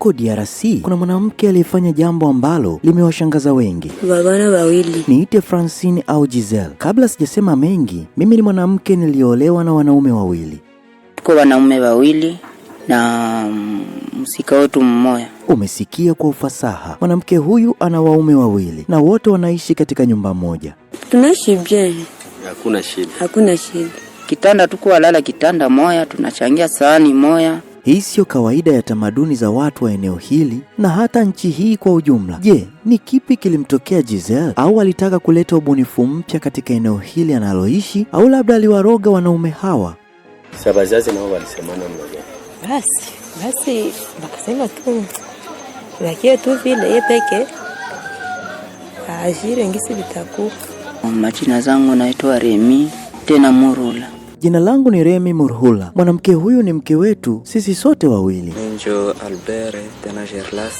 Huko DRC kuna mwanamke aliyefanya jambo ambalo limewashangaza wengi, wavana wawili, niite Francine au Giselle. Kabla sijasema mengi, mimi ni mwanamke niliolewa na wanaume wawili, Tuko wanaume wawili na msika wetu mmoja. Umesikia kwa ufasaha, mwanamke huyu ana waume wawili na wote wanaishi katika nyumba moja. Tunaishi bien, hakuna shida, hakuna shida. Kitanda tuko walala kitanda moya, tunachangia sahani moya hii siyo kawaida ya tamaduni za watu wa eneo hili na hata nchi hii kwa ujumla. Je, ni kipi kilimtokea Giselle? Au alitaka kuleta ubunifu mpya katika eneo hili analoishi, au labda aliwaroga wanaume hawa? Sabazazi nao walisemana mmoja, basi basi wakasema tu lakini tu vile yeye peke ajiri ngisi vitakuwa. Majina zangu naitwa Remi tena Murula. Jina langu ni Remi Murhula. Mwanamke huyu ni mke wetu sisi sote wawili. Ninjo Albere tena Gerlas.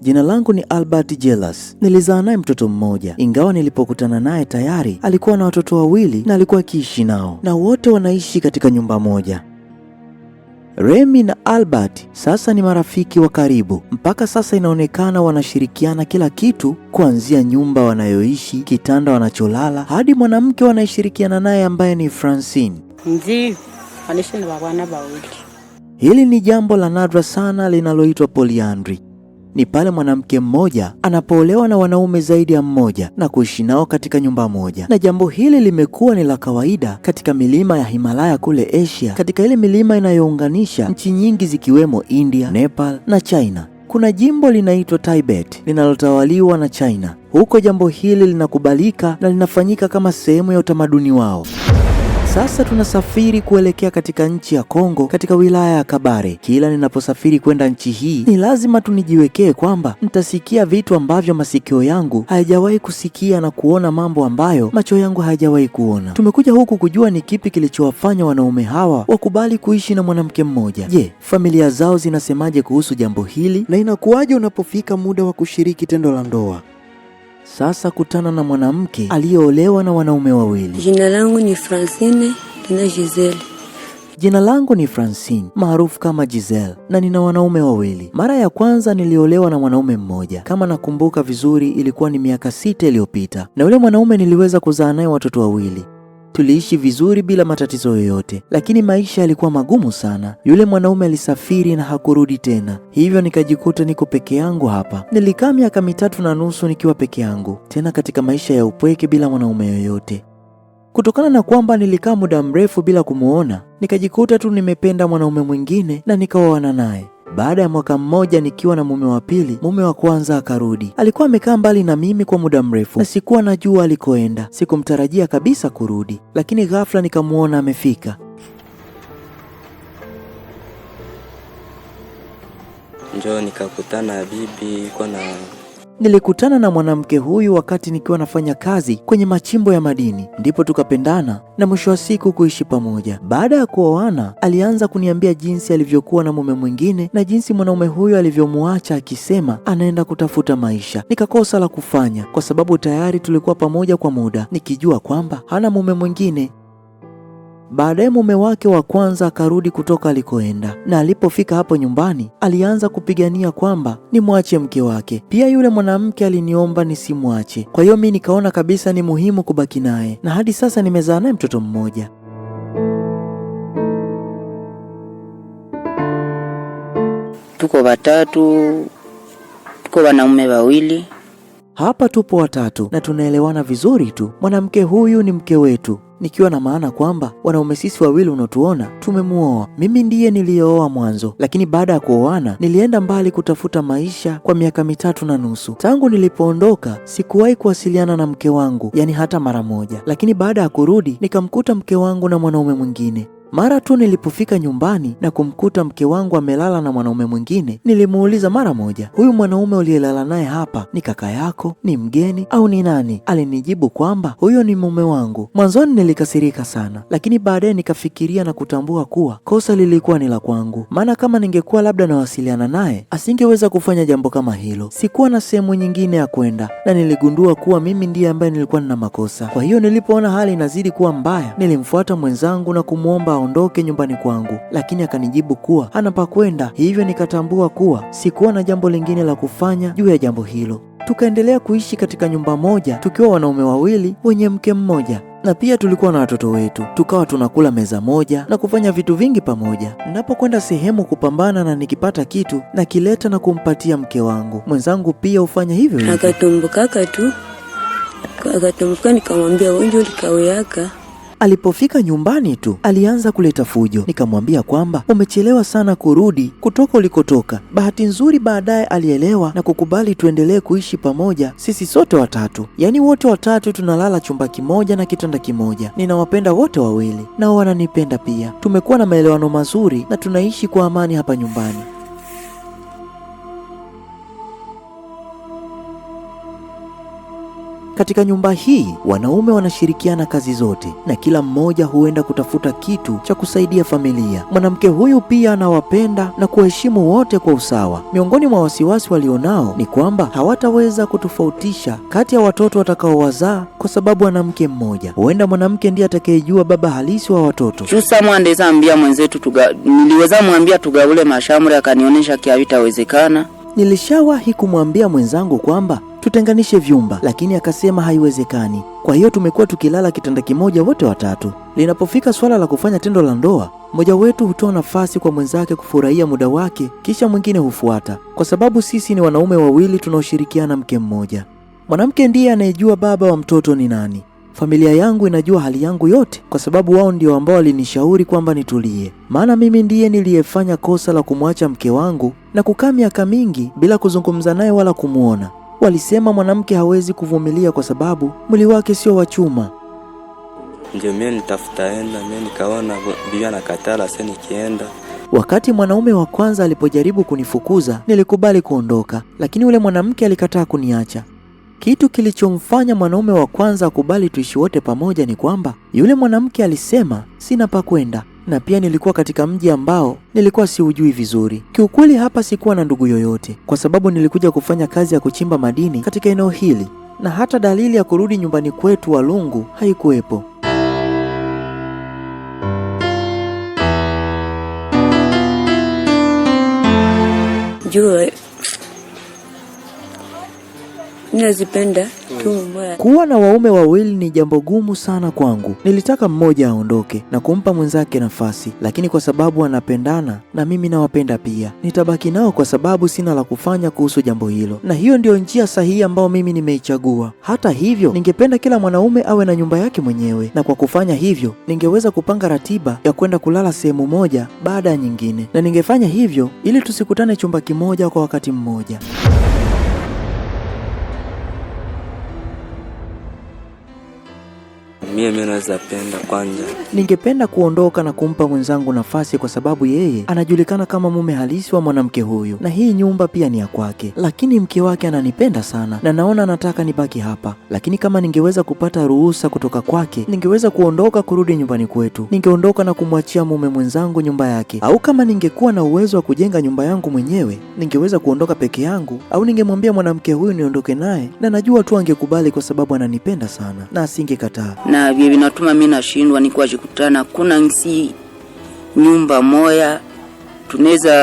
Jina langu ni Albert Jelas. Nilizaa naye mtoto mmoja, ingawa nilipokutana naye tayari alikuwa na watoto wawili na alikuwa akiishi nao, na wote wanaishi katika nyumba moja. Remi na Albert sasa ni marafiki wa karibu. Mpaka sasa inaonekana wanashirikiana kila kitu, kuanzia nyumba wanayoishi, kitanda wanacholala, hadi mwanamke wanayeshirikiana naye ambaye ni Francine na Hili ni jambo la nadra sana linaloitwa poliandri. Ni pale mwanamke mmoja anapoolewa na wanaume zaidi ya mmoja na kuishi nao katika nyumba moja, na jambo hili limekuwa ni la kawaida katika milima ya Himalaya kule Asia, katika ile milima inayounganisha nchi nyingi zikiwemo India, Nepal na China. Kuna jimbo linaitwa Tibet linalotawaliwa na China. Huko jambo hili linakubalika na linafanyika kama sehemu ya utamaduni wao. Sasa tunasafiri kuelekea katika nchi ya Kongo katika wilaya ya Kabare. Kila ninaposafiri kwenda nchi hii ni lazima tunijiwekee kwamba nitasikia vitu ambavyo masikio yangu hayajawahi kusikia na kuona mambo ambayo macho yangu hayajawahi kuona. Tumekuja huku kujua ni kipi kilichowafanya wanaume hawa wakubali kuishi na mwanamke mmoja. Je, familia zao zinasemaje kuhusu jambo hili na inakuwaje unapofika muda wa kushiriki tendo la ndoa? Sasa kutana na mwanamke aliyeolewa na wanaume wawili. Jina langu ni Francine tena Giselle. Jina langu ni Francine maarufu kama Giselle na nina wanaume wawili. Mara ya kwanza niliolewa na mwanaume mmoja, kama nakumbuka vizuri, ilikuwa ni miaka sita iliyopita, na yule mwanaume niliweza kuzaa naye watoto wawili tuliishi vizuri bila matatizo yoyote, lakini maisha yalikuwa magumu sana. Yule mwanaume alisafiri na hakurudi tena, hivyo nikajikuta niko peke yangu hapa. Nilikaa miaka mitatu na nusu nikiwa peke yangu, tena katika maisha ya upweke bila mwanaume yoyote. Kutokana na kwamba nilikaa muda mrefu bila kumwona, nikajikuta tu nimependa mwanaume mwingine na nikaoana naye. Baada ya mwaka mmoja nikiwa na mume wa pili, mume wa kwanza akarudi. Alikuwa amekaa mbali na mimi kwa muda mrefu na sikuwa najua alikoenda. Sikumtarajia kabisa kurudi, lakini ghafla nikamwona amefika. Njoo nikakutana bibi, kwa na Nilikutana na mwanamke huyu wakati nikiwa nafanya kazi kwenye machimbo ya madini, ndipo tukapendana na mwisho wa siku kuishi pamoja. Baada ya kuoana, alianza kuniambia jinsi alivyokuwa na mume mwingine na jinsi mwanaume huyo alivyomwacha, akisema anaenda kutafuta maisha. Nikakosa la kufanya kwa sababu tayari tulikuwa pamoja kwa muda, nikijua kwamba hana mume mwingine Baadaye mume wake wa kwanza akarudi kutoka alikoenda, na alipofika hapo nyumbani alianza kupigania kwamba nimwache mke wake. Pia yule mwanamke aliniomba nisimwache, kwa hiyo mi nikaona kabisa ni muhimu kubaki naye, na hadi sasa nimezaa naye mtoto mmoja. Tuko watatu, tuko wanaume wawili hapa, tupo watatu na tunaelewana vizuri tu. Mwanamke huyu ni mke wetu nikiwa na maana kwamba wanaume sisi wawili unaotuona tumemuoa. Mimi ndiye niliyooa mwanzo, lakini baada ya kuoana nilienda mbali kutafuta maisha kwa miaka mitatu na nusu. Tangu nilipoondoka sikuwahi kuwasiliana na mke wangu, yani hata mara moja, lakini baada ya kurudi nikamkuta mke wangu na mwanaume mwingine. Mara tu nilipofika nyumbani na kumkuta mke wangu amelala na mwanaume mwingine, nilimuuliza mara moja, huyu mwanaume uliyelala naye hapa ni kaka yako, ni mgeni au ni nani? Alinijibu kwamba huyo ni mume wangu. Mwanzoni nilikasirika sana, lakini baadaye nikafikiria na kutambua kuwa kosa lilikuwa ni la kwangu, maana kama ningekuwa labda nawasiliana naye asingeweza kufanya jambo kama hilo. Sikuwa na sehemu nyingine ya kwenda, na niligundua kuwa mimi ndiye ambaye nilikuwa nina makosa. Kwa hiyo nilipoona hali inazidi kuwa mbaya, nilimfuata mwenzangu na kumwomba aondoke nyumbani kwangu, lakini akanijibu kuwa hana pa kwenda, hivyo nikatambua kuwa sikuwa na jambo lingine la kufanya juu ya jambo hilo. Tukaendelea kuishi katika nyumba moja tukiwa wanaume wawili wenye mke mmoja na pia tulikuwa na watoto wetu, tukawa tunakula meza moja na kufanya vitu vingi pamoja. Ninapokwenda sehemu kupambana na nikipata kitu nakileta na kumpatia mke wangu. Mwenzangu pia hufanya hivyo hivyo. Akatumbukaka tu, akatumbuka, nikamwambia unje ulikaweyaka Alipofika nyumbani tu alianza kuleta fujo, nikamwambia kwamba umechelewa sana kurudi kutoka ulikotoka. Bahati nzuri baadaye alielewa na kukubali tuendelee kuishi pamoja, sisi sote watatu, yaani wote watatu tunalala chumba kimoja na kitanda kimoja. Ninawapenda wote wawili, nao wananipenda pia. Tumekuwa na maelewano mazuri na tunaishi kwa amani hapa nyumbani. Katika nyumba hii wanaume wanashirikiana kazi zote na kila mmoja huenda kutafuta kitu cha kusaidia familia. Mwanamke huyu pia anawapenda na kuwaheshimu wote kwa usawa. Miongoni mwa wasiwasi walionao ni kwamba hawataweza kutofautisha kati ya watoto watakaowazaa kwa sababu wanamke mmoja, huenda mwanamke ndiye atakayejua baba halisi wa watoto. Chusamwandeza ambia mwenzetu tuga, niliweza mwambia tugaule mashamri, akanionyesha kiavitawezekana Nilishawahi kumwambia mwenzangu kwamba tutenganishe vyumba, lakini akasema haiwezekani. Kwa hiyo tumekuwa tukilala kitanda kimoja wote watatu. Linapofika swala la kufanya tendo la ndoa, mmoja wetu hutoa nafasi kwa mwenzake kufurahia muda wake, kisha mwingine hufuata, kwa sababu sisi ni wanaume wawili tunaoshirikiana mke mmoja. Mwanamke ndiye anayejua baba wa mtoto ni nani. Familia yangu inajua hali yangu yote, kwa sababu wao ndio ambao walinishauri kwamba nitulie, maana mimi ndiye niliyefanya kosa la kumwacha mke wangu na kukaa miaka mingi bila kuzungumza naye wala kumwona. Walisema mwanamke hawezi kuvumilia kwa sababu mwili wake sio wa chuma. Ndio mie nitafuta enda mie nikaona bibi anakataa, se nikienda Wakati mwanaume wa kwanza alipojaribu kunifukuza, nilikubali kuondoka, lakini yule mwanamke alikataa kuniacha. Kitu kilichomfanya mwanaume wa kwanza akubali tuishi wote pamoja ni kwamba yule mwanamke alisema sina pa kwenda na pia nilikuwa katika mji ambao nilikuwa siujui vizuri. Kiukweli hapa sikuwa na ndugu yoyote, kwa sababu nilikuja kufanya kazi ya kuchimba madini katika eneo hili, na hata dalili ya kurudi nyumbani kwetu Walungu haikuwepo. Jue Nazipenda tu. Mm. Kuwa na waume wawili ni jambo gumu sana kwangu. Nilitaka mmoja aondoke na kumpa mwenzake nafasi, lakini kwa sababu anapendana na mimi nawapenda pia, nitabaki nao kwa sababu sina la kufanya kuhusu jambo hilo, na hiyo ndiyo njia sahihi ambayo mimi nimeichagua. Hata hivyo, ningependa kila mwanaume awe na nyumba yake mwenyewe, na kwa kufanya hivyo ningeweza kupanga ratiba ya kwenda kulala sehemu moja baada ya nyingine, na ningefanya hivyo ili tusikutane chumba kimoja kwa wakati mmoja. mie mimi naweza penda kwanja. Ningependa kuondoka na kumpa mwenzangu nafasi, kwa sababu yeye anajulikana kama mume halisi wa mwanamke huyu, na hii nyumba pia ni ya kwake, lakini mke wake ananipenda sana na naona anataka nibaki hapa, lakini kama ningeweza kupata ruhusa kutoka kwake, ningeweza kuondoka kurudi nyumbani kwetu. Ningeondoka na kumwachia mume mwenzangu nyumba yake, au kama ningekuwa na uwezo wa kujenga nyumba yangu mwenyewe, ningeweza kuondoka peke yangu, au ningemwambia mwanamke huyu niondoke naye, na najua tu angekubali, kwa sababu ananipenda sana na asingekataa na na vye vinatuma mimi nashindwa ni kwashikutana kuna nsi nyumba moya tunaweza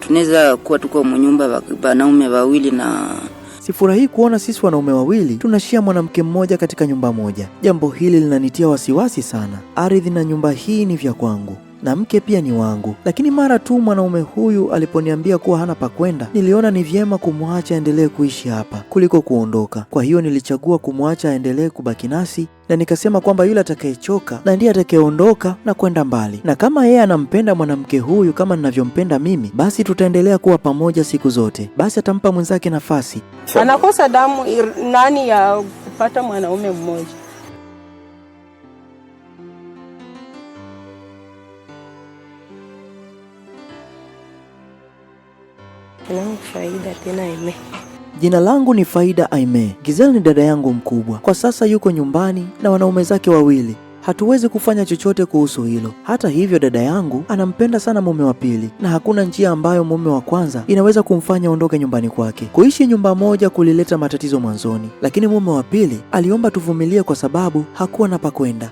tunaweza kuwa tuko mnyumba banaume wawili na Sifurahi kuona sisi wanaume wawili tunashia mwanamke mmoja katika nyumba moja. Jambo hili linanitia wasiwasi sana. Ardhi na nyumba hii ni vya kwangu na mke pia ni wangu, lakini mara tu mwanaume huyu aliponiambia kuwa hana pa kwenda, niliona ni vyema kumwacha aendelee kuishi hapa kuliko kuondoka. Kwa hiyo nilichagua kumwacha aendelee kubaki nasi na nikasema kwamba yule atakayechoka na ndiye atakayeondoka na kwenda mbali, na kama yeye anampenda mwanamke huyu kama ninavyompenda mimi, basi tutaendelea kuwa pamoja siku zote. Basi atampa mwenzake nafasi, anakosa damu nani ya kupata mwanaume mmoja langu Faida tena Aime. Jina langu ni Faida Aime. Gizel ni dada yangu mkubwa, kwa sasa yuko nyumbani na wanaume zake wawili. Hatuwezi kufanya chochote kuhusu hilo. Hata hivyo, dada yangu anampenda sana mume wa pili, na hakuna njia ambayo mume wa kwanza inaweza kumfanya ondoke nyumbani kwake. Kuishi nyumba moja kulileta matatizo mwanzoni, lakini mume wa pili aliomba tuvumilie kwa sababu hakuwa na pa kwenda.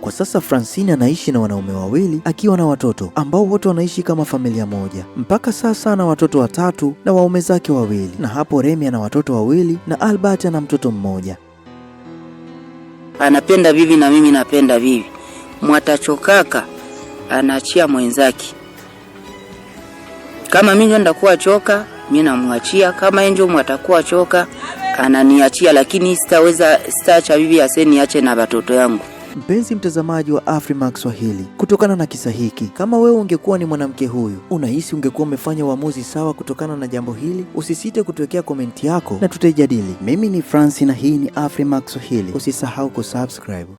Kwa sasa Francine anaishi na wanaume wawili akiwa na watoto ambao wote wanaishi kama familia moja. Mpaka sasa ana watoto watatu na waume zake wawili, na hapo Remi ana watoto wawili na Albert ana mtoto mmoja. Anapenda vivi na mimi napenda vivi, mwatachokaka anaachia mwenzake. Kama mimi ndakuwa choka mimi namwachia, kama enjo mwatakuwa choka ananiachia, lakini sitaweza sitaacha vivi aseniache na watoto yangu. Mpenzi mtazamaji wa Afrimax Swahili, kutokana na kisa hiki, kama wewe ungekuwa ni mwanamke huyu, unahisi ungekuwa umefanya uamuzi sawa kutokana na jambo hili? Usisite kutuwekea komenti yako na tutaijadili. Mimi ni Franci na hii ni Afrimax Swahili. Usisahau kusubscribe.